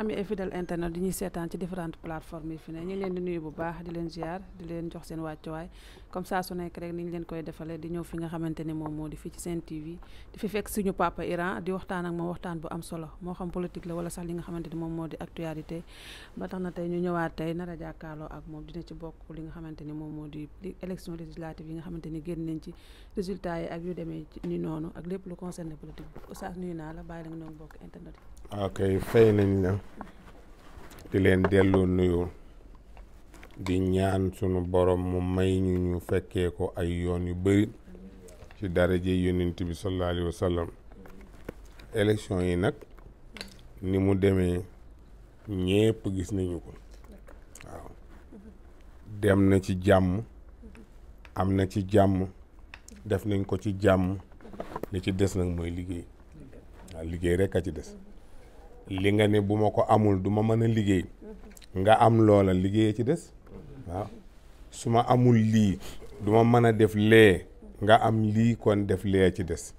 ami ay fidèle internet di ñuy seetaan ci différentes plateformes yi fi ne ñu leen di nuyu bu baax di leen ziar di leen jox seen wàccuwaay comme saa su nekk rek ni ñu leen koy defalee di ñëw fi nga xamante ni moom moo di fii ci Sen TV di fi fekk suñu papa Iran di waxtaan ak moom waxtaan bu am solo moo xam politique la wala sax li nga xamante ni moom moo di actualité ba tax na tey ñu ñëwaat tey nar a jàkkaarloo ak moom dina ci bokk li nga xamante ni moom moo di élection législative yi nga xamante ni génn nañ ci résultats yi ak yu demee ni noonu ak lépp lu concerné politique bi Oustaz nuyu naa la bàyyi ok fay nañ la di leen delloo nuyu di ñaan sunu boroom mu may ñu ñu fekkee ko ay yoon yu bari ci daraje yonent bi sallallahu alayhi wa sallam yi nag ni mu demee ñépp gis nañu ko waaw dem na ci jàmm am na ci jàmm def nañ ko ci jàmm li ci des nag mooy liggéey waaw liggéey rekk a ci des li nga ne bu ma ko amul duma mën a liggéey nga am loola liggéey ci des waaw su ma amul lii duma mën a def lee nga am lii kon def lee ci des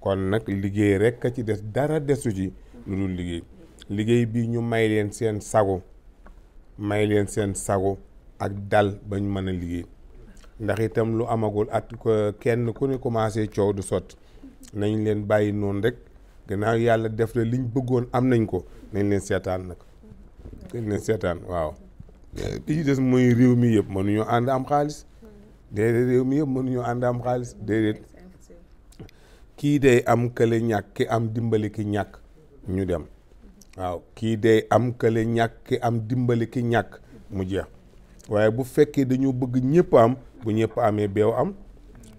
kon nag liggéey rek a ci des dara desu ci lu dul liggéey liggéey bi ñu may leen seen sago may leen seen sago ak dal ba ñu mën a liggéey ndax itam lu amagul at kenn ku ne commencé coow du sot nañ leen bàyyi noonu rek gannaaw yàlla def na liñ bëggoon am nañ ko nañ leen seetaan nag nañ leen seetaan waaw li ci des mooy réew mi yëpp mënuñoo ànd am xaalis déedéet réew mi yëpp mënuñoo ànd am xaalis déedéet kii day am kële ñàkk ki am dimbali ki ñàkk ñu dem waaw kii day am kële ñàkk ki am dimbali ki ñàkk mu jeex waaye bu fekkee dañoo bëgg ñépp am bu ñépp amee beew am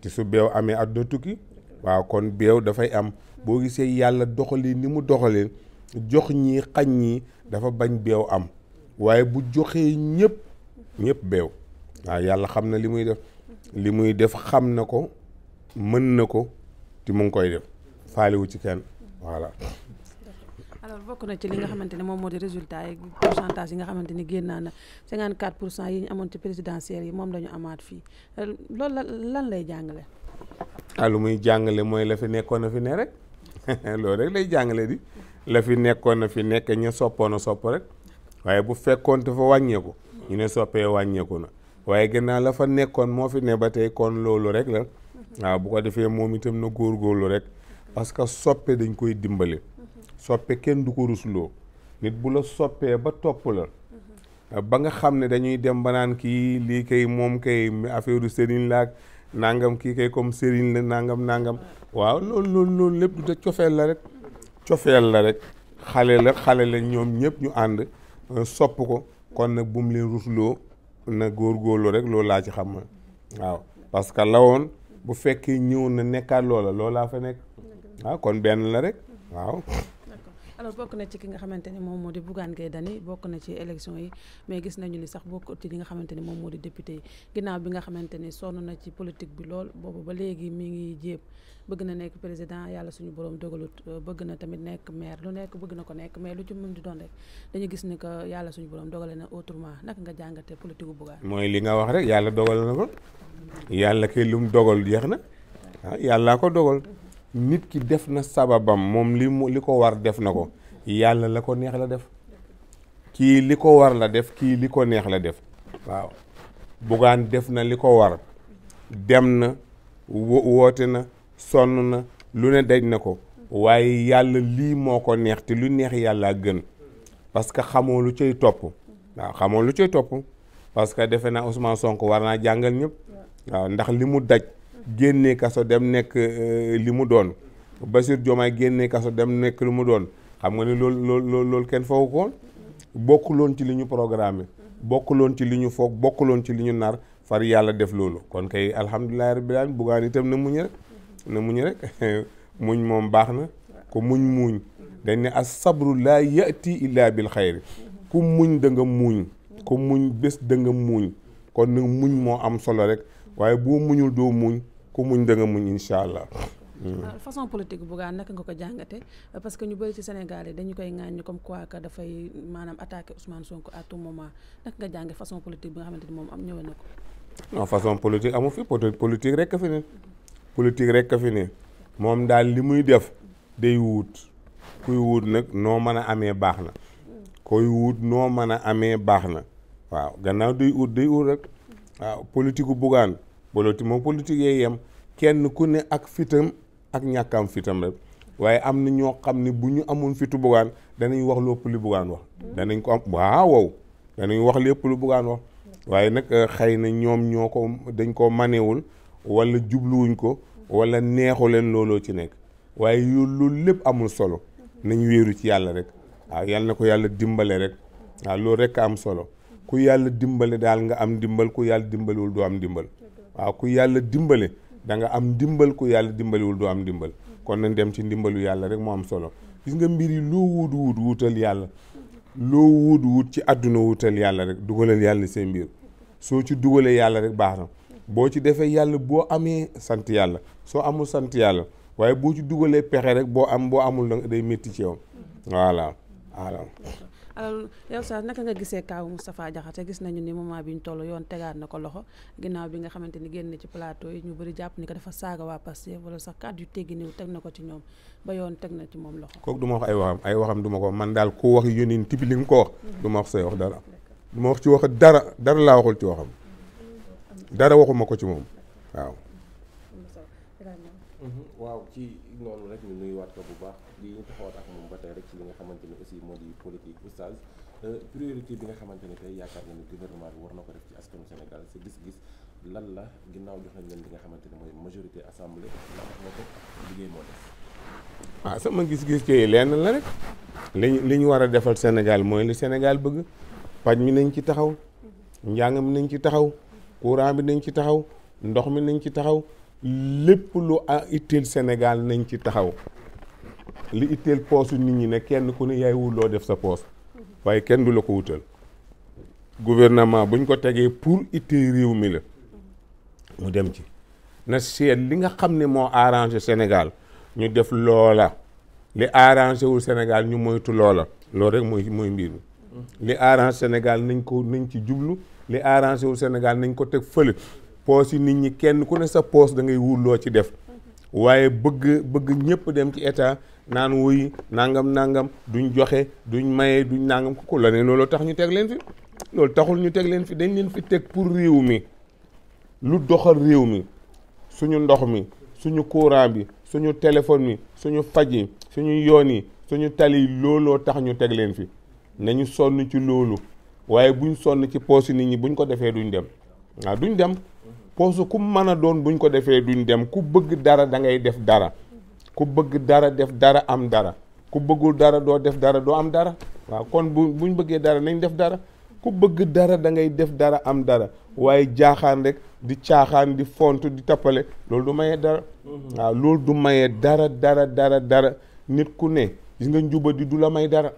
te su beew amee at doo tukki waaw kon beew dafay am boo gisee yàlla doxali ni mu doxalee jox ñi xañ ñii dafa bañ beew am waaye bu joxee ñëpp ñëpp beew waa yàlla xam na li muy def li muy def xam na ko mën na ko ti mu ngi koy def faaliwu ci kenn voilà alors bokk na ci li nga xamante ne moom moo di résultat yi pourcentage yi nga xamante ni génnaa na 54 pour cent yi ñu amoon ci présidentielle yi moom la ñu amaat fii euh, loolu lan lay jàngale. ah lu muy jàngale mooy la fi nekkoon na fi ne rek. loolu rek lay jàngale di la fi nekkoon na fi nekk ña soppoon a sopp rek waaye bu fekkoon te fa wàññeeku ñu ne soppee wàññeeku na waaye gannaaw la fa nekkoon moo fi ne ba tey kon loolu rek la waaw bu ko defee moom itam na góor góorlu rek parce que soppe dañ koy dimbale soppe kenn du ko rusloo nit bu la soppee ba topp la ba nga xam ne dañuy dem banaan kii lii kay moom kay affaire du sëriñ la ak nangam kii kay comme sëriñ la nangam nangam waaw loolu loolu loolu lépp du cofeel la rek cofeel la rek xale la xale la ñoom ñëpp ñu ànd euh, sopp ko kon nag bu mu leen rusloo na góorlu rek loolu laa ci xam waaw parce que lawoon bu fekkee ñëw na nekkaat loola laa fa nekk waaw ah, kon benn la rek waaw alors bokk na ci ki nga xamante ne moom moo di Bougane Gueye Dany bokk na ci élection yi mais gis nañu ni sax bokk ci li nga xamante ne moom moo di député yi ginnaaw bi nga xamante ne sonn na ci politique bi lool boobu ba léegi mi ngi jéem bëgg na nekk président yàlla suñu borom dogalut bëgg na tamit nekk maire lu nekk bëgg na ko nekk mais lu ci mën di doon rek dañu gis ni que yàlla suñu borom dogale na autrement naka nga jàngate politique bu Bougane mooy li nga wa rek yàlla dogal na ko yàlla kay lu mu na ah yàllaa ko dogal nit ki def na sababam moom li mu li ko war def na ko yàlla la ko neex la def kii li ko war la def kii li ko neex la def waaw bugaan def na li ko war dem na woote na sonn na lu ne daj na ko waaye yàlla lii moo ko neex te lu neex yàlla gën parce que xamoo lu cay topp waaw xamoo lu cay topp parce que defe naa Ousmane sonk war naa jàngal ñépp waaw ndax li mu daj génnee kaso dem nekk euh, li mu doon Basir Diomaye génnee kaso dem nekk li mu doon xam nga ni loolu loolu loolu kenn foogu ko woon bokkuloon ci li ñu programme bokkuloon ci li ñu foog bokkuloon ci li ñu naar far yàlla def loolu kon kay alhamdulilahi rabbil alamin buggaan itam na muñ rek na muñ rek muñ moom baax na ko muñ muñ dañ ne as sabru laa yati illa bil xayri muñ da nga muñ ku muñ bés da nga kon muñ moo am solo rek waaye boo muñul doo muñ ku muñ da nga muñ incha allah Mm. Euh, façon politique Bougane naka nga ko jàngate parce que ñu bëri ci Sénégal yi dañu koy ŋaaññu comme quoi que dafay maanaam attaqué Ousmane Sonko à tout moment naka nga jànge façon politique bi nga xamante ni moom am ñëwee na ko façon politique amu fi politique rek a fi ne politique rek a fi ne moom daal li muy def day wuut kuy wuut nag noo mën a amee baax na koy wuut noo mën a amee baax na waaw gannaaw day ut day ut rek waaw politique u Bougane bolooti moom politique yee yem kenn ku ne ak fitam ak ñàkk am fitam rek waaye am na ñoo xam ne bu ñu amul fitu bugaan danañ wax lépp lu bugaan wax danañ ko am waaw danañ wax lépp lu bugaan wax waaye nag euh, xëy na ñoom ñoo ko dañ ko manewul walla jubluwuñ ko wala neexu leen looloo ci nekk waaye loolu lépp amul solo nañ wéeru ci yàlla rek waaw yàlla na ko yàlla dimbale rek waaw loolu rek am solo ku yàlla dimbale daal nga am dimbal ku yàlla dimbaliwul doo am dimbal waaw ku yàlla dimbale da nga am ndimbal ko yàlla dimbaliwul doo am ndimbal kon nañ dem ci ndimbalu yàlla rek moo am solo gis nga mbir yi loo wut wut wutal yàlla loo wut wut ci àdduna wutal yàlla rek dugalal yàlla seen mbir soo ci dugalee yàlla rek baax na boo ci defee yàlla boo amee sant yàlla soo amul sant yàlla waaye boo ci dugalee pexe rek boo am boo amul day métti ci yow voilà voilà alors yow sax naka nga gisee kaaw Moustapha Diakhaté gis nañu ni moment bi ñu toll yoon tegaat na ko loxo ginnaaw bi nga xamante ni génn ci plateau yi ñu bëri jàpp ni ko dafa saaga waa Pastef wala sax kàddu yu teggi niw teg na ko ci ñoom ba yoon teg na ci moom loxo kooku du ma wax ay waxam ay waxam du ma ko man daal ku wax yóneen tibi li ko wax du wax say wax dara du ma wax ci waxam dara waxuma ko ci moom waaw waaw ci noonu rek ñu nuyuwaat ko bu baax lii ñu taxawaat ak moom ba tey rek ci li nga xamante ni aussi moo di politique oustaz euh, nga xamante ni tey yaakaar na ni war na ko def ci askanu Sénégal si gis-gis lan la ginnaaw jox nañ leen li nga xamante ni mooy majorité assemblée ndax wax nga ko liggéey moo def. Ah, sama gis-gis kay lenn la rek li li ñu war a defal Sénégal mooy li Sénégal bëgg paj mi nañ ci taxaw njàng mi nañ ci taxaw courant bi nañ ci taxaw ndox mi nañ ci taxaw. lépp lu a itteel Sénégal nañ ci taxaw li itteel poosu nit ñi ne kenn ku ne yaay wul loo def sa poos waaye kenn du la ko wutal gouvernement buñ ko tegee pour itteel réew mi la mu dem ci na seet li nga xam ne moo arrangé Sénégal ñu def loola li arrangé wul Sénégal ñu moytu loola loolu rek mooy mooy mbir mi li arrangé Sénégal nañ ko nañ ci jublu li arrangé wul Sénégal nañ ko teg fële poos yi nit ñi kenn ku ne sa poos da ngay wut loo ci def waaye bëgg bëgg ñëpp dem ci état naan wuy nangam nangam duñ joxe duñ maye duñ nàngam ku la ne loolu tax ñu teg leen fi loolu taxul ñu teg leen fi dañ leen fi teg pour réew mi lu doxal réew mi suñu ndox mi suñu courant bi suñu téléphone mi suñu faj yi suñu yoon yi suñu tali looloo tax ñu teg leen fi nañu sonn ci loolu waaye buñ sonn ci poos yi nit ñi buñ ko defee duñ dem waaw duñ dem poosu ku mën a doon buñ ko defee duñ dem ku bëgg dara dangay def dara ku bëgg dara def dara am dara ku bëggul dara doo def dara doo am dara waaw kon bu buñ bëggee dara nañ def dara ku bëgg dara da ngay def dara am dara waaye jaaxaan rek di caaxaan di font di tappale loolu du mayee dara mhm. waaw loolu du mayee dara dara dara dara nit ku ne gis nga di du la may dara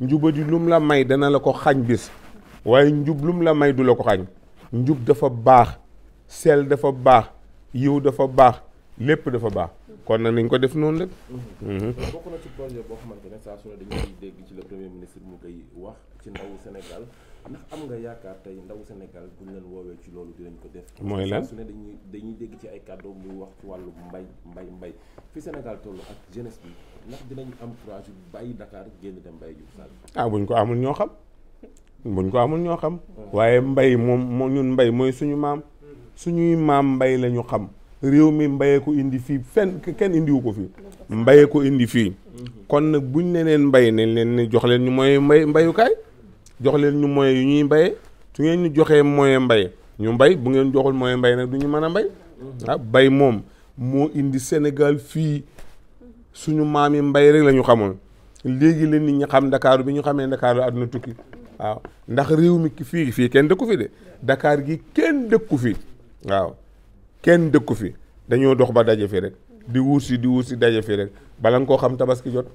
njubadi lum la may dana la ko xañ bis waaye njub lum la may du la ko xañ njub dafa baax sel dafa baax yiw dafa baax lépp dafa baax kon nag nañ ko def noonu rek. Mhm. bokk na ci projet boo xamante ne saa su ne dañuy dégg ci le premier ministre mu koy wax ci ndawu Sénégal ndax am nga yaakaar tey ndawu Sénégal buñ leen woowee ci loolu dinañ ko def. mooy lan su ne dañuy dañuy dégg ci ay kàddu mu wax ci wàllu mbay mbay mbay fi Sénégal toll ak jeunesse bi ndax dinañ am courage bàyyi Dakar génn dem mbay ju Sall. ah buñ ko amul ñoo xam. buñ ko amul ñoo xam waaye mbay moom moo ñun mbay mooy suñu maam suñuy maam mbay la ñu xam réew mi mbayee indi fii fenn kenn indiwu ko fii mbayee indi fii kon nag buñ ne leen mbay nañ leen ne jox leen ñu mooy mbay mbayukaay jox leen ñu mooy yu ñuy mbayee su ngeen ñu joxee mooy mbay ñu mbay bu ngeen joxul mooy mbay nag du ñu mën a mbay ah bay moom moo indi Sénégal fii suñu maam yi mbay rek la ñu xamoon léegi la nit ñi xam Ndakaaru bi ñu xamee Ndakaaru àdduna tukki waaw ndax réew mi ki fii fii kenn dëkku fi de Dakar gi kenn dëkku fi waaw kenn dëkku fi dañoo dox ba daje fi rek di wuur si di wuur si daje fi rek bala nga koo xam tabaski jot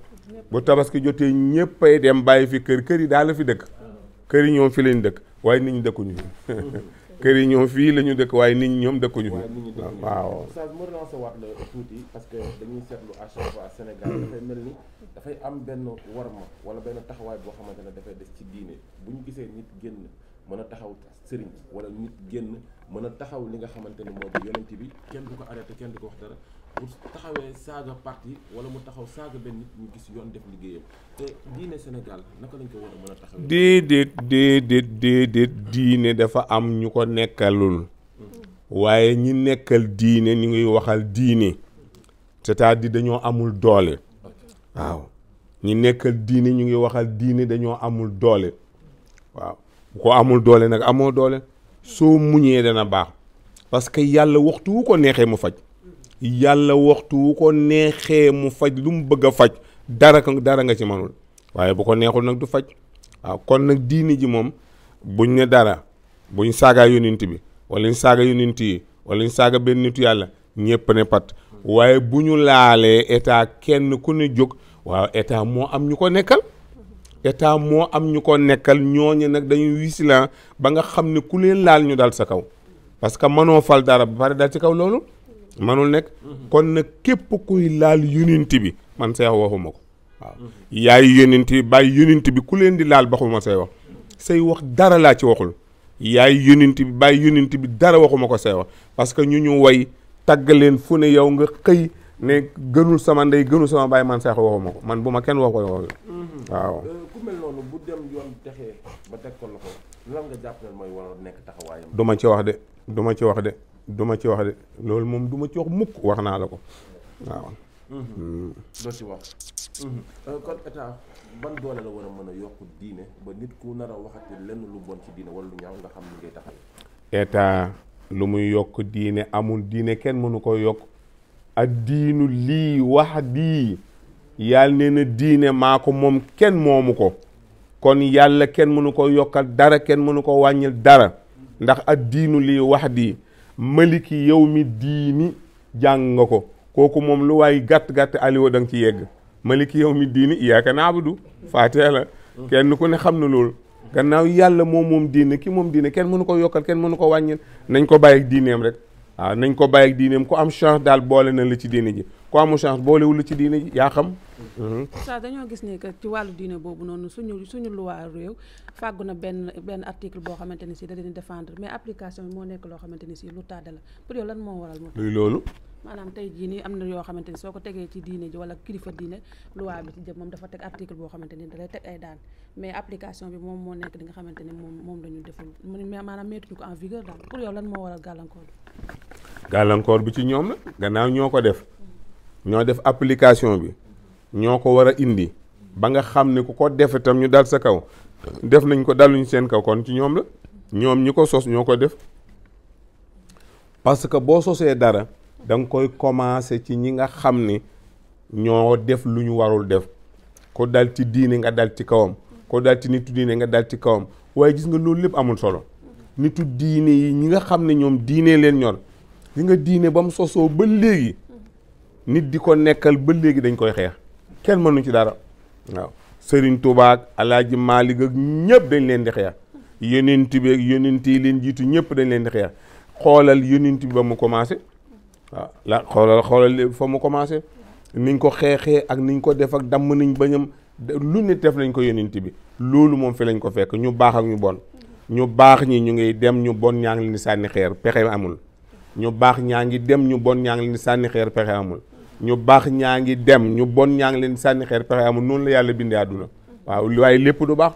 bu tabaski jotee ñëppay dem bàyyi fi kër kër yi daal la fi dëkk kër yi ñoom fi lañ dëkk waaye nit ñi dëkkuñu fi kër yi ñoom fii la ñu dëkk waaye nit ñi ñoom dëkkuñu fi waaw saa ma relancé waat la tuuti parce que dañuy seetlu à chaque Sénégal dafay mel ni dafay am benn warma wala benn taxawaay boo xamante ne dafay def ci diine bu ñu gisee nit génn mën a taxaw sëriñ wala nit génn mën a taxaw li nga xamante ne moo di yonent bi kenn du ko arrêté kenn du ko wax dara bu taxawee saaga wala mu taxaw saaga benn nit yoon def liggéeyam te diine Sénégal naka mën a taxawee. déedéet déedéet déedéet diine dafa am ñu ko nekkalul waaye ñi nekkal diine ñu ngi waxal diine c'est-à-dire dañoo amul doole waaw ñi nekkal diine ñu ngi waxal diine dañoo amul doole waaw bu ko amul doole nag amoo doole soo muñee dana baax parce que yàlla waxtu ko neexee mu faj. yàlla waxtu wu ko neexee mu faj lu mu bëgg a faj dara dara nga ci manul waaye bu ko neexul nag du faj waaw kon nag diini ji moom buñ ne dara buñ saagaa yonent bi wala ñu saaga yonent yi wala ñu saaga benn nitu yàlla ñëpp ne pat waaye bu ñu laalee état kenn ku ne jóg waaw état moo am ñu ko nekkal état moo am ñu ko nekkal ñooñu nag dañuy wisilan ba nga xam ne ku leen laal ñu dal sa kaw parce que mënoo fal dara ba pare dal ci kaw loolu manul nekk kon nag képp kuy laal yonent bi man seex waxuma ko waaw yaay yonent bi bàyyi yonent bi ku leen di laal baxuma say wax say wax dara laa ci waxul yaay yonent bi bàyyi yonent bi dara waxuma ko say wax parce que ñu ñu woy tagg leen fu ne yow nga xëy ne gënul sama ndey gënul sama baay man seex waxuma ko man bu ma kenn wax koy wax mm-hmm. waaw euh, ku bu dem yoon teg ko loxo lan nga jàpp ne mooy war nekk taxawaayam du ma ci wax de du ma ci wax de duma ci wax de loolu moom duma ma ci wax mukk wax naa la ko waaw. Mm-hmm. Mm. doo ci wax. Mm-hmm. Euh, kon état mën a yokk diine ba nit ku nar a waxati lenn lu bon ci diine wala lu ñaaw nga xam ni lu muy yokk diine amul diine kenn mënu ko yokk ak diinu lii wax dii yàlla nee diine maa ko moom kenn moomu ko kon yàlla kenn mënu ko yokkal dara kenn mënu koo wàññil dara ndax ak diinu lii wax di maliki yow mi diini jàng nga ko kooku moom lu waay gàtt-gàtt aliwo dang nga ci yegg maliki yow mi diini iyaaka naabudu faatee la kenn ku ne xam na loolu gannaaw yàlla moom moom diine ki moom diine kenn mënu ko yokkal kenn mënu ko wàññil nañ ko bàyyi ak diineem rek waaw nañ ko bàyyi ak diineem ku am chance daal boole na la ci diine ji ku amu chance boolewul la ci diine ji yaa xam saa dañoo gis ne que ci wàllu diine boobu noonu suñu suñu loi réew fàggu na benn benn article boo xamante ne si da leen défendre mais application bi moo nekk loo xamante ne si lu tàdda la moo waral moom. luy loolu. tey jii nii am na yoo xamante ni soo ko tegee ci diine ji wala kilifa diine loi bi ci jëm moom dafa teg article boo xamante ni da lay teg ay daan bi moom moo nekk li nga xamante ni moom moom la ñu deful maanaam mettuñu ko en vigueur daal pour yow lan moo waral gàllankoor bi. gàllankoor bi ci ñoom la gannaaw ñoo ko def. ñoo def application bi. ñoo ko war a indi ba nga xam ne ku ko def itam ñu dal sa kaw def nañ ko daluñ seen kaw kon ci ñoom la ñoom ñi ko sos ñoo ko def parce que boo sosee dara danga koy commencer ci ñi nga xam ni ñoo def lu ñu warul def ko dal ci diine nga dal ci kawam ko dal ci nitu diine nga dal ci kawam waaye gis nga loolu lépp amul solo nitu diine yi ñi nga xam ne ñoom diine leen ñor li nga diine ba mu sosoo ba léegi nit di ko nekkal ba léegi dañ koy xeex kenn mënuñ ci dara waaw sëriñ tubaak ak Alaaji ak ñëpp dañ leen di xeex yonent bi ak yonent yi leen jiitu ñëpp dañ leen di xoolal yonent bi ba mu commencé waaw la xoolal xoolal fa mu commencé niñ ko xeexee ak niñ ko def ak damm nañ bañam lu nit def nañ ko yonent bi loolu moom fi lañ ko fekk ñu baax ak ñu bon ñu baax ñi ñu ngi dem ñu bon ñaa ngi leen sànni xeer pexe amul ñu baax ñaa ngi dem ñu bon ñaa ngi leen sànni xeer pexe amul ñu baax ñaa ngi dem ñu bon ñaa ngi leen sànni xeer pexe amul noonu la yàlla bindee àdduna waaw waaye lépp du baax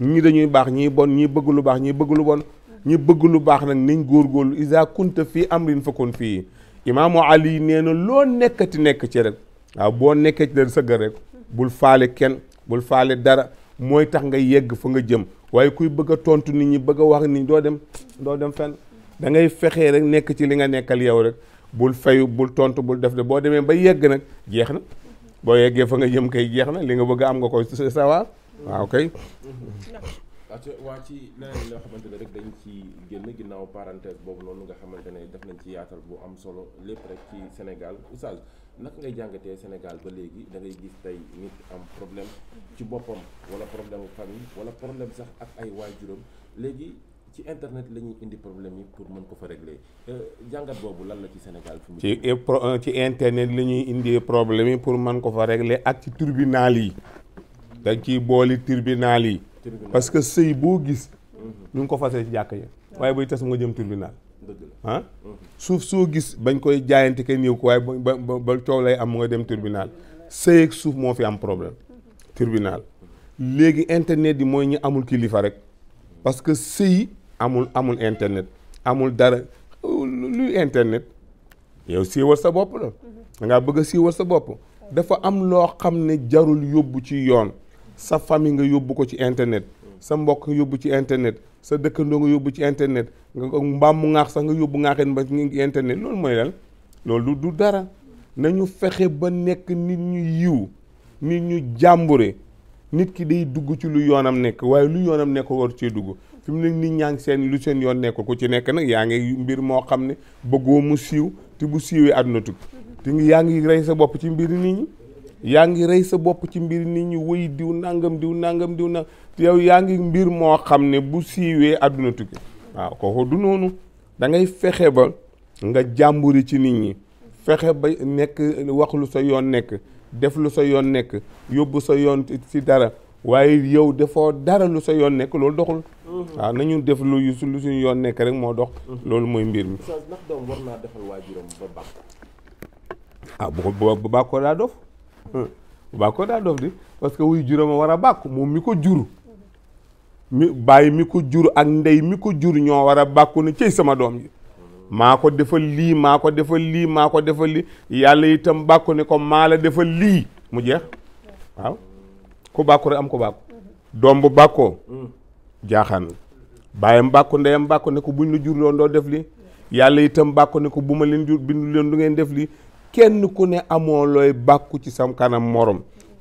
ñii dañuy baax ñii bon ñi bëgg lu baax ñii bëgg lu bon ñi bëgg lu baax nag góor góorgóorlu isa kunta fii am amrin fakun fii imaamu ali nee na loo nekkati nekk ci rek waaw boo nekkee ci dara sëgg rek bul faale kenn bul faale dara mooy tax nga yegg fa nga jëm waaye kuy bëgg a tontu nit ñi bëgg a wax nit doo dem doo dem fenn dangay ngay fexee rek nekk ci li nga nekkal yow rek bul fayu bul tontu bul def de boo demee ba yegg nag jeex na boo yeggee fa nga jëm kay jeex na li nga bëgg am nga ko sawaar waaw kay waa ci leneen loo xamante ne rek dañ ci génn ginnaaw parenthèse boobu noonu nga xamante ne def nañ ci yaatal bu am solo lépp rek ci Sénégal oustaz naka ngay jàngatee Sénégal ba léegi da ngay gis tey nit am problème ci boppam wala problème famille wala problème sax ak ay waajuram léegi ci internet la indi problème yi pour mën ko fa régler euh, jàngat boobu lan la ci Sénégal. ci euh, euh, ci internet la ñuy indi problème yi pour mën ko fa régler ak ci tribunal yi. dañ ciy booli tribunal yi. parce que sëy boo gis. Mhm. ñu ngi ko fasee ci jàkk ya waaye buy tas mu nga jëm tribunal. ah mhm. suuf soo gis bañ koy jaayante kenn ñëw ko waaye ba ba ba coow lay am mu nga dem tribunal sëy ak suuf moo fi am problème. tribunal mhm. léegi internet yi mooy ñu amul kilifa rek parce que sëy amul amul internet amul dara luy internet yow siiwal sa bopp mhm. da ngaa bëgg a siiwal sa bopp dafa am loo xam ne jarul yóbbu ci yoon sa famille nga yóbbu ko ci internet sa mbokk yóbbu ci internet sa dëkkandoo nga yóbbu ci internet nga ko mbaam mu ngaax sax nga yóbbu ngaaxeen ba ngi internet loolu mooy lan loolu du dara nañu fexe ba nekk nit ñu yiw nit ñu jàmbure nit ki day dugg ci lu yoonam nekk waaye lu yoonam nekk war cee dugg fi mu ne nit ñaa seen lu seen yoon nekk ku ci nekk na yaa ngi mbir moo xam ne bëggoo mu siiw te bu siiwee àdduna tukki te yaa ngi rey sa bopp ci mbir nit yaa ngi rey sa bopp ci mbir nit ñi wëy diw nangam diw nangam diw nangam te yow yaa ngi mbir moo xam ne bu siiwee àdduna tukki waaw kooku du noonu da ngay fexe ba nga jàmburi ci nit ñi fexe ba nekk wax lu sa yoon nekk def lu sa yoon nekk yóbbu sa yoon si dara waaye yow defoo dara lu sa yoon nekk loolu doxul. Mhm. waaw nañu def lu suñu yoon nekk rek moo dox. Mhm. loolu mooy mbir mi. Oustaz doom war naa defal waajuram ba bàkk. ah bu ko bu bàkkoo daa dof. Hmm. bu bàkkoo daa dof di parce que wuy juróoma war a bàkk moom mi ko jur. mi bàyyi mi ko jur ak ndey mi ko jur ñoo war a bàkku ne cëy sama doom ji. maa ko defal lii maa ko defal lii maa ko defal lii yàlla itam bàkku ne ko maa la defal lii mu jeex waaw. ku bàkku rek am ko bàkku doom bu bàkkoo jaaxaan bàyyam mbàkku ndeyam bàkku ne ko buñ la jur doon doo def li yàlla itam bàkku ne ko bu ma leen jur bindu leen du ngeen def li kenn ku ne amoo looy bàkku ci sam kanam morom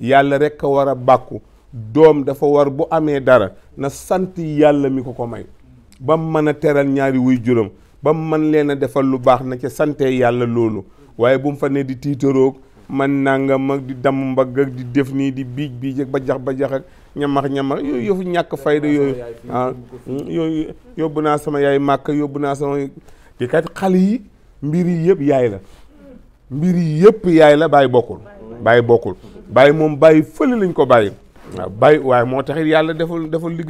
yàlla rek a war a bàkku doom dafa war bu amee dara na sant yàlla mi ko ko may ba mu mën a teral ñaari wuy juróom ba mu mën leen a defal lu baax na ca sante yàlla loolu waaye bu mu fa nee di tiitaroog man naa nga mag di damm mbagg ak di def nii di biij biij ak bajax bajax ak ñamax ñamax yooyu yëfu ñàkk fayda yooyu ah, mm, yóbbu naa sama yaay màkk yóbbu naa sama di kat xale yi mbir yi yëpp yaay la mbir yi yëpp yaay la bàyyi bokkul bàyyi bokkul bàyyi moom bàyyi fële lañ ko bàyyi waaw bàyyi waaye moo taxit yàlla deful deful li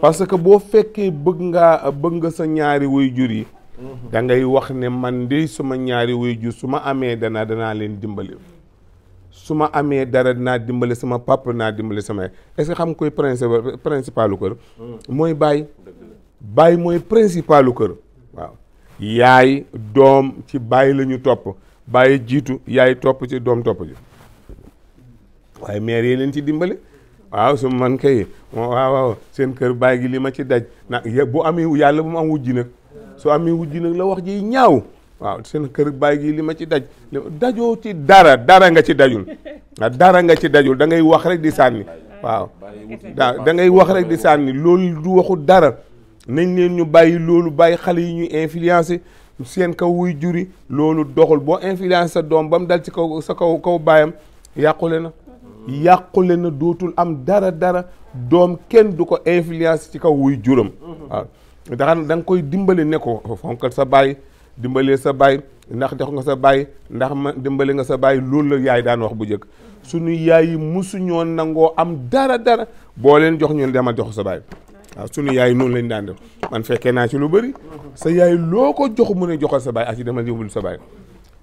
parce que boo fekkee bëgg ngaa bëgg nga sa ñaari jur yi da ngay wax ne man de suma ñaari waajur su ma amee dana danaa leen dimbali su ma amee dara dinaa dimbali sama papa dinaa dimbali sama est-ce que xam koy principal principalu kër hmm. mooy baay baay mooy principalu kër waaw yaay doom ci bàyyi la ñu topp bàyyi jiitu yaay topp ci doom topp ji waaye maire yi leen ci dimbali waaw su man kay waaw waaw seen kër baay gi li ma ci daj na bu amee yàlla bu mu am wujji nag soo amee wujj nag la wax ji ñaaw waaw seen kër bàyyi gi li ma ci daj dajoo ci dara dara nga ci dajul ah, dara nga ci dajul da wax rek di sànni waaw da da ngay wax rek di sànni loolu du waxu dara nañ leen ñu bàyyi loolu bàyyi xale yi ñuy influencé seen kaw wuy juri loolu doxul boo influencé sa doom ba mu dal ci kaw sa kaw kaw baayam yàqule na yàqule na dootul am dara dara doom kenn du ko influence ci kaw wuy juram waaw daxan da danga koy dimbali ne ko fonkal sa baay dimbalee sa baay ndax jox nga sa baay ndax ma dimbali nga sa baay loolu la yaay daan wax bu njëkk suñu yaay yi mu musuñoo nangoo am dara dara boo leen jox ñu demal joxu sa baay waaw suñu yaay noonu lañ daan def man fekkee naa ci lu bari sa yaay loo ko joxu mu ne joxal sa baay ak si demal yóbbul sa baay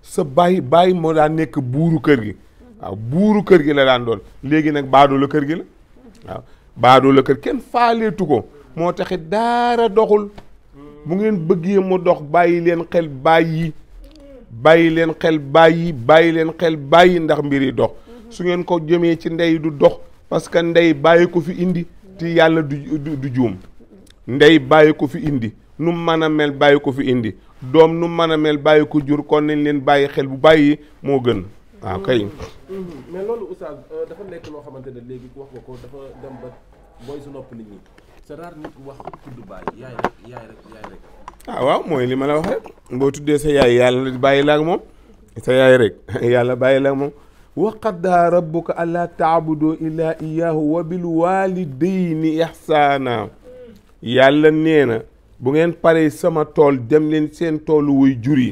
sa baay baay moo daan nekk buuru kër gi waaw buuru kër gi la daan doon léegi nag baadoo la kër gi la waaw baadoo la kër kenn faaleetu ko moo taxit daara doxul bu ngeen bëggee mu dox bàyyi leen xel bàyyi bàyyi leen xel bàyyi bàyyi leen xel bàyyi ndax mbir yi dox su ngeen ko jëmee ci ndey du dox parce que ndey bàyyi ko fi indi te yàlla du du juum ndey bàyyi ko fi indi nu mën a mel bàyyi ko fi indi doom nu mën a mel bàyyi ko jur kon nañ leen bàyyi xel bu bàyyi moo gën waaw kay. mais euh, dafa nekk loo xamante ne léegi wax nga ko dafa dem ba booy nopp nit c'est rare nit wax tudd baay yaay rek yaay rek ah, waaw mooy li ma la wax rek boo tuddee sa yaay yàlla bàyyi la ak moom sa yaay rek yàlla bàyyi la ak moom wa qadaa rabbuka allaa taabudu illaa iyaahu wa bil waalidayni ihsaana yàlla nee bu ngeen paree sama tool dem leen seen toolu wuy jur yi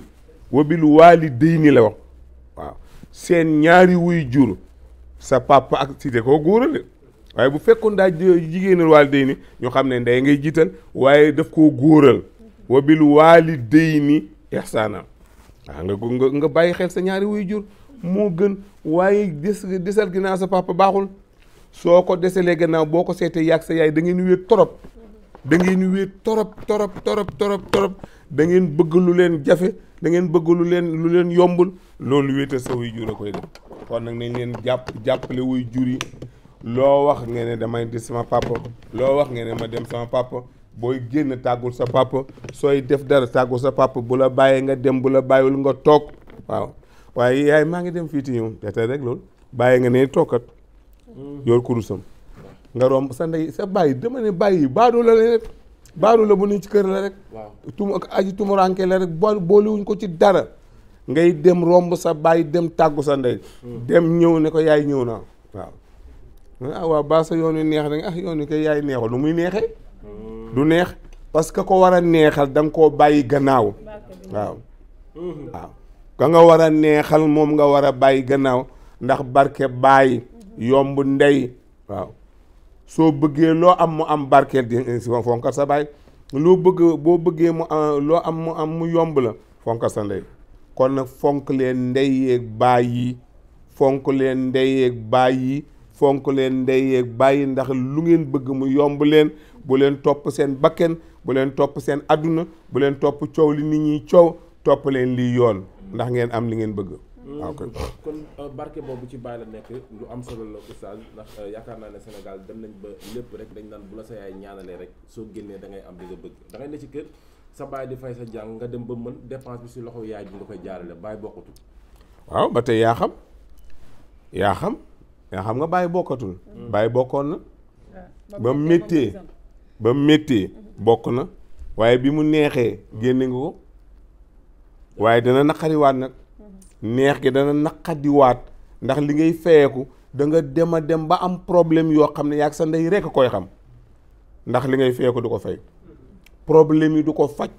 wa bil waalidayni la wax waaw seen ñaari wuy jur sa papa ak si de koo góorale waaye bu fekkoon daa jigéenal waalidayni ñu xam ne ndey ngay jiital waaye daf koo góoral wa bil waalidayni ihsaana waa nga nga nga bàyyi xel sa ñaari jur moo gën waaye des desal ginnaaw sa papa baaxul soo ko desalee gannaaw boo ko seetee yàgg sa yaay da ngeen wéet torop da ngeen wéet torop torop torop torop torop da ngeen bëgg lu leen jafe da ngeen bëgg lu leen lu leen yombul loolu wéetal sa waajur a koy def kon nag nañ leen jàpp jàppale waajur yi loo wax ngeen ne damay di sama papa loo wax ngeen ne ma dem sama papa booy génn tàggul sa papa sooy def dara tàggul sa papa bu la bàyyee nga dem bu la bàyyiwul nga toog waaw waaye yaay maa ngi dem fii ci ñëw te rek loolu bàyyi nga ne tookat yor kurusam nga romb sa ndey sa bàyyi dama ne bàyyi baadoo la rek baadoo la bu nuy ci kër la rek tum ak aji tumuranke la rek bo boolewuñ ko ci dara ngay dem romb sa bàyyi dem tàggu sa ndey hmm. dem ñëw ne ko yaay ñëw naa waaw ah waaw baa sa yoon wi neex da nga ah, kay yaay neexul lu muy neexee du neex parce que ko war a neexal danga koo bàyyi gannaaw waaw ka nga war a neexal moom nga war a bàyyi gannaaw ndax barke bàyyi yomb ndey waaw soo bëggee loo am mu am barkeel di sa baay loo bëgg boo bëggee mu ah, loo am mu am mu yomb la fonkal sa ndey kon nag fonk leen ndey yeeg fonk leen ndey yeeg fonk leen ndey bàyyi ndax lu ngeen bëgg mu yomb leen bu leen topp seen bakken bu leen topp seen adduna bu leen topp coow li nit ñi coow topp leen lii yoon ndax ngeen am li ngeen bëgg. Mm. waaw kon euh, barke boobu ci bàyyi la nekk lu am solo la oustaz ndax euh, yaakaar naa ne Sénégal dem nañ ba lépp rek dañ naan bu la sa yaay ñaanalee rek soo génnee dangay am di nga bëgg da ne ci kër sa baay di fay sa jàng nga dem ba mën dépense bi si loxo yaay bi nga koy jaarale baay bokkatu. waaw ba tey yaa xam. nga xam nga bàyyi bokkatul mm. bàyyi bokkoon na ba méttee ba méttee mm-hmm. bokk na waaye bi mu neexee mm. génne nga ko waaye dana naqariwaat nag mm-hmm. neex gi dana naqadiwaat ndax li ngay feyeku danga nga dem a dem ba am problème yoo xam ne yaag sa ndey rekk koy xam ndax li ngay feyeku du ko fay mm-hmm. problème yi du ko faj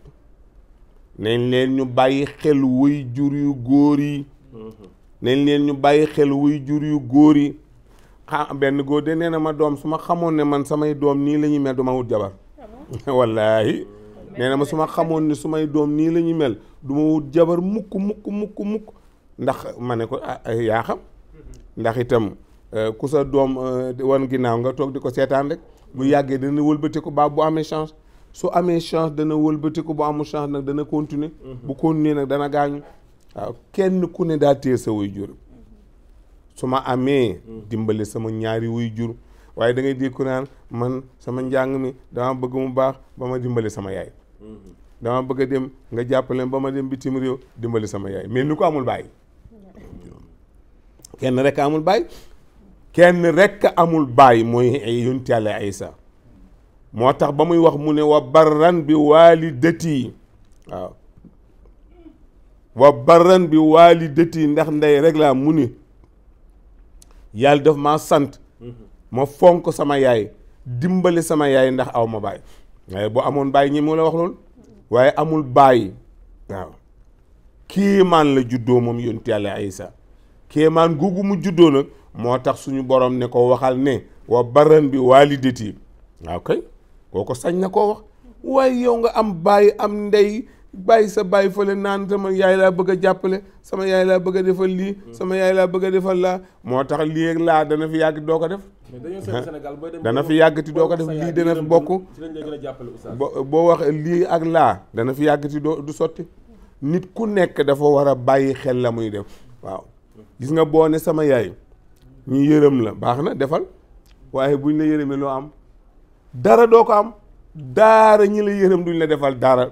nañ leen ñu bàyyi xel wuy jur yu góor yi nañ leen ñu bàyyi xel wuy jur yu góor yi xa benn góor de nee na ma doom su ma xamoon ne man samay doom nii la ñuy mel du ma wut jabar ah wallaahi nee na ma su ma xamoon ne su may doom nii lañuy mel du ma wut jabar mukk mukk mukk mukk ndax ma ne ko ah, eh, yaa xam ndax itam eh, ku sa doom eh, wan ginnaaw nga toog di ko seetaan rek bu yàggee dana wëlbati ko baa bu amee chance su amee chance dana wëlbati ko bu amul chance nag dana continuer mhm. bu continuer nag dana gaañu waaw kenn ku ne daa téye sa way jur su ma amee dimbali sama ñaari wuy jur waaye da ngay dékku naan man sama njàng mi dama bëgg mu baax ba ma dimbali sama yaay dama bëgg a dem nga jàppale ba ma dem bitim réew dimbali sama yaay mais ni ko amul bàyyi kenn rek amul baay kenn rek amul bàyyi mooy yonent Yàlla Isa moo tax ba muy wax mu ne wa barran bi waalidati waaw wa barran bi waalidati ndax ndey rek laa mu ni yàlla daf ma sant ma fonk sama yaay dimbali sama yaay ndax aw ma baay waaye boo amoon baay ñi mu la wax loolu waaye amul baay waaw kéemaan la juddoo moom yonent yàlla Isa kéemaan googu mu juddoo nag moo tax suñu borom ne ko waxal ne wa baran bi waalidati waaw kay koo ko sañ na koo wax waaye yow nga am baay am ndey bàyyi sa bàyyi fële naan sama yaay laa bëgg a jàppale sama yaay laa bëgg a defal lii. Mm. sama yaay laa bëgg a defal laa. moo tax lii ak laa dana fi yàgg doo ko def. dana fi yàggati doo ko def lii dana fi bokk. boo boo waxee lii ak laa dana fi yàgg yàggati doo du sotti. nit ku nekk dafa war a bàyyi xel la muy def waaw. gis nga boone sama yaay ñu yërëm la baax na defal waaye buñ la yërëmee loo am dara doo ko am daara ñi la yërëm duñu la defal daara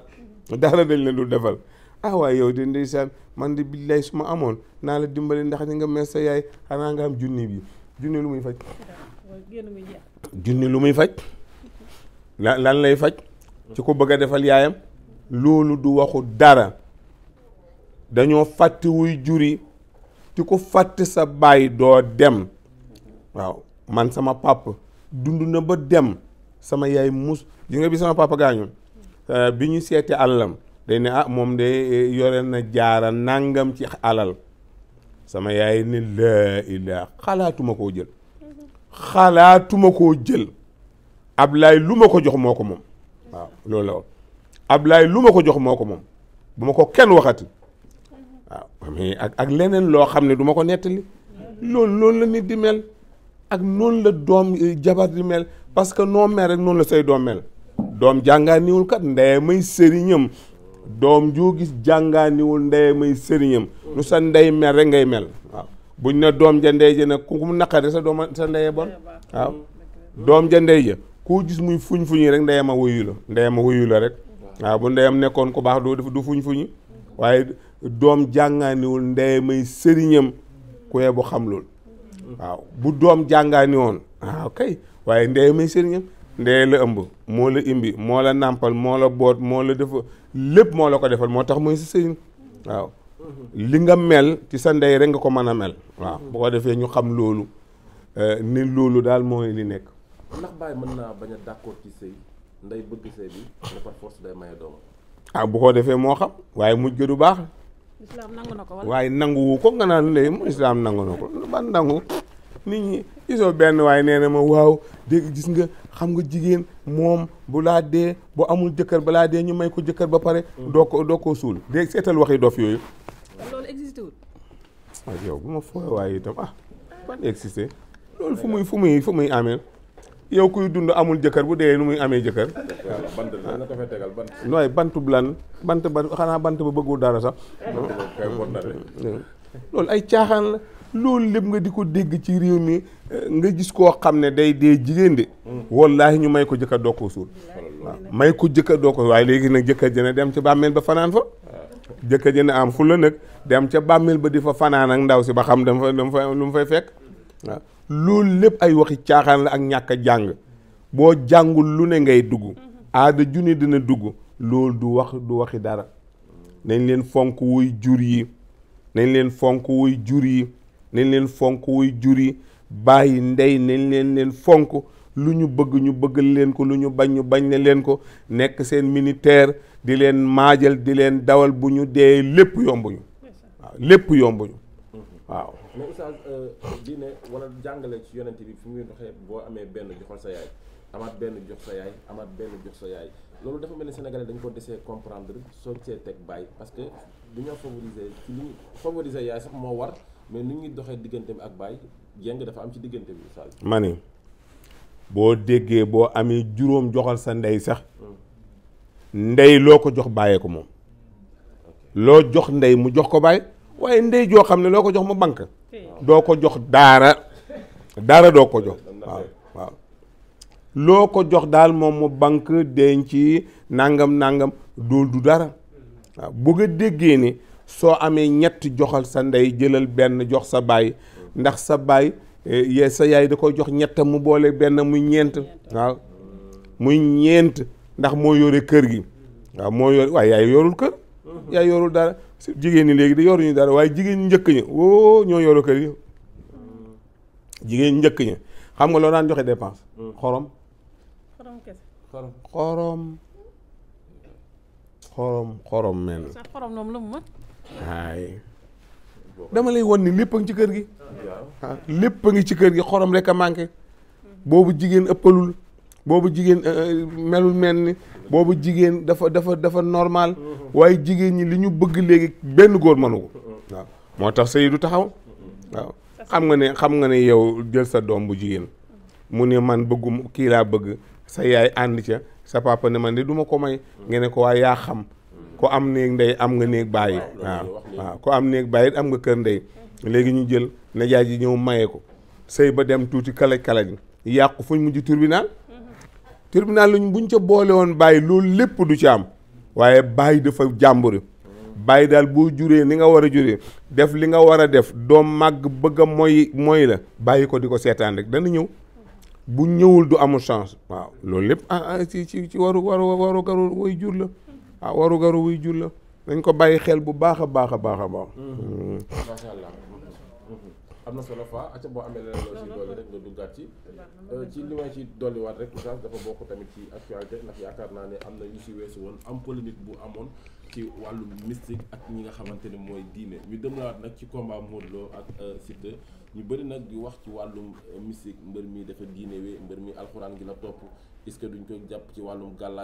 dara dañ la dul defal ah waaye yow de ndeysaan man de billaay su ma amoon naa la dimbali ndax ni nga mes sa yaay xanaa nga am junni bi junni lu muy faj junni lu muy faj lan lan lay faj ci ko bëgg a defal yaayam loolu du waxu dara dañoo fàtte wuy juri ci ko fàtte sa baay doo dem waaw man sama papa dund na ba dem sama yaay mus yi nga bi sama papa gaañoon Euh, bi ñu seeti alalam day ne ah moom de eh, yore na jaara nangam ci alal sama yaay ne laa ilaa xalaatuma koo jël xalaatuma koo jël Ablaay lu ma ko jox moo ko moom waaw loolu lu ma ko jox moo ko moom bu ma ko kenn waxati waaw mais ak leneen loo xam ne duma ko nettali loolu loolu la nit di mel ak noonu la doom eh, jabar di mel parce que noo mel rek noonu la say doom mel doom jàngaaniwul kat ndeye may sëriñam doom joo gis jàngaaniwul ndeye may sëriñam nu sa ndey mel rek ngay mel waaw buñ ne doom ja ndey ja sa doom sa ndeye bon waaw gis muy fuñ fuñi rek bu ndeyam nekkoon ku baax doo def du fuñ fuñi waaye doom jàngaaniwul ndeye may sëriñam ku yee bu xam loolu waaw bu doom jàngaani woon ah, kay waaye ndeye may sëriñam ndee la ëmb moo la imbi moo la nàmpal moo la boot moo la def lépp moo la ko defal moo tax mooy si sëyin waaw li nga mel ci sa ndey rek nga ko mën a mel waaw bu ko defee ñu xam loolu eh, ni loolu daal mooy li nekk mën naa bañ a d'accord ci sëy ndey day maye doom ah, bu ko defee moo xam waaye mujj ga du baax islam nangu na ko waaye nanguwu ko nga naan léegi mu islam nangu na ko ban nangu nit ñi gisoo benn waaye nee na ma waaw dégg gis nga xam nga jigéen moom bu laa dee bu amul jëkkër ba laa dee ñu may ko jëkkër ba pare. Mm. doo ko doo ko suul dégg seetal waxi dof yooyu. Ah, loolu existé wul. Ah, yow bu ma fooy waaye itam ah ban existé loolu fu muy fu muy fu muy amee yow kuy dund amul jëkkër bu dee nu muy amee jëkkër. waaw bant lan bant ba xanaa bant ba bëggul dara sax. loolu ay caaxaan la. loolu lépp nga di ko dégg ci réew mi eh, nga gis koo xam ne day dee jigéen de. wallaahi ñu may ko jëkkër doo ko suul. waaw may ko jëkkër doo ko waaye léegi nag jëkkër jëne dem ci bàmmeel ba fanaan fa. jëkkër jëne am fu la nag dem ca bàmmeel ba di fa fanaan ak ndaw si ba xam dama fa dama fa lu mu fay fekk. waaw lépp ay waxi caaxaan la ak ñàkk jàng boo jàngul lu ne ngay dugg aada junne dina dugg loolu du wax du waxi dara nañ leen fonk wuy jur yi nañ leen fonk wuy jur yi. nañ leen fonk wuy jur yi bàyyi ndey nañ leen leen fonk lu ñu bëgg ñu bëggal leen ko lu ñu bañ ñu bañ ne leen ko nekk seen militaire di leen maajal di leen dawal bu ñu dee lépp yombuñu waaw lépp yombuñu waaw. mais oustaz euh, diine wala jàngale ci yonent bi fi muy doxee boo amee benn joxal sa yaay amaat benn jox sa yaay amaat benn jox sa yaay loolu dafa mel ni sénégalais dañ ko desee comprendre soo cee teg bàyyi parce que du ñoo favoriser ci li favoriser yaay moo war. mais ni ñuy doxee diggante ak Baye Dieng dafa am ci diggante bi ma ni boo déggee boo amee juróom joxal sa ndey sax ndey loo ko jox bàyyee ko moom loo jox ndey mu jox ko bàyyi waaye ndey joo xam ne loo ko jox mu banque doo ko jox daara daara doo ko jox waaw loo ko jox daal moom mu banque ci nangam nangam dool du dara waaw bu déggee ni soo amee ñett joxal sa ndey jëlal benn jox sa baay ndax sa baay eh, sa yaay da ko jox ñett mu boole benn mu ñeent waaw muy ñeent ndax moo yore kër gi waaw moo yore waaye yaay yorul kër yaay yorul dara jigéen ñi léegi da yoruñu dara waaye jigéen njëkk ñi woo ñoo yoru kër gi jigéen njëkk ñi xam nga loo daan joxe dépense xorom xorom kese xorom xorom xorom men xorom noonu lu waay dama lay won ni lépp a ngi ci kër gi waaw lépp a ngi ci kër gi xorom rek a manqué boobu jigéen ëppalul boobu jigéen euh, euh, melul mel ni boobu jigéen dafa dafa dafa normal waaye jigéen ñi li ñu bëgg léegi benn góor mënu ko waaw moo tax sëy du taxaw waaw xam nga ne xam nga ne yow jël sa doom bu jigéen mu ne man bëgguma kii laa bëgg sa yaay ànd ca sa papa ne man de duma ko may nga ne ko waaye yaa xam ko am néeg ndey am nga néeg bàyyi waaw waaw ku am néeg bàyyi am nga kër ndey léegi ñu jël najaay ji ñëw maye ko sëy ba dem tuuti kalaj kalaj yàqu fuñ mujj tribunal tribunal luñ buñ ca boole woon bàyyi loolu lépp du ci am waaye bàyyi dafa jàmburi bàyyi daal boo juree ni nga war a juree def li nga war a def doom màgg bëgg a mooy mooy la bàyyi ko di ko seetaan rek dana ñëw bu ñëwul du amul chance waaw loolu lépp ah ci ci ci waru waru waru jur la ah waru garu wuy julla dañ ko bàyyi xel bu baax a baax a baax a baax. Mm-hmm. Mm-hmm. macha allah mm-hmm. am na solo fa acca boo amee leneen loo si dolli rek nga duggaat ci euh, ci li may ci dolliwaat rek oustaz dafa bokk tamit ci actualité ndax yaakaar naa ne am na ñu si weesu woon am polémique bu amoon ci wàllu mystique ak ñi nga xamante ne mooy diine ñu demlawaat nag ci combat Modou Lo ak euh, Siteu ñu bëri nag di wax ci wàllum euh, mystique mbër mi dafa diine we mbër mi alxuraan gi la topp est-ce duñ ko jàpp ci wàllum gàllaaj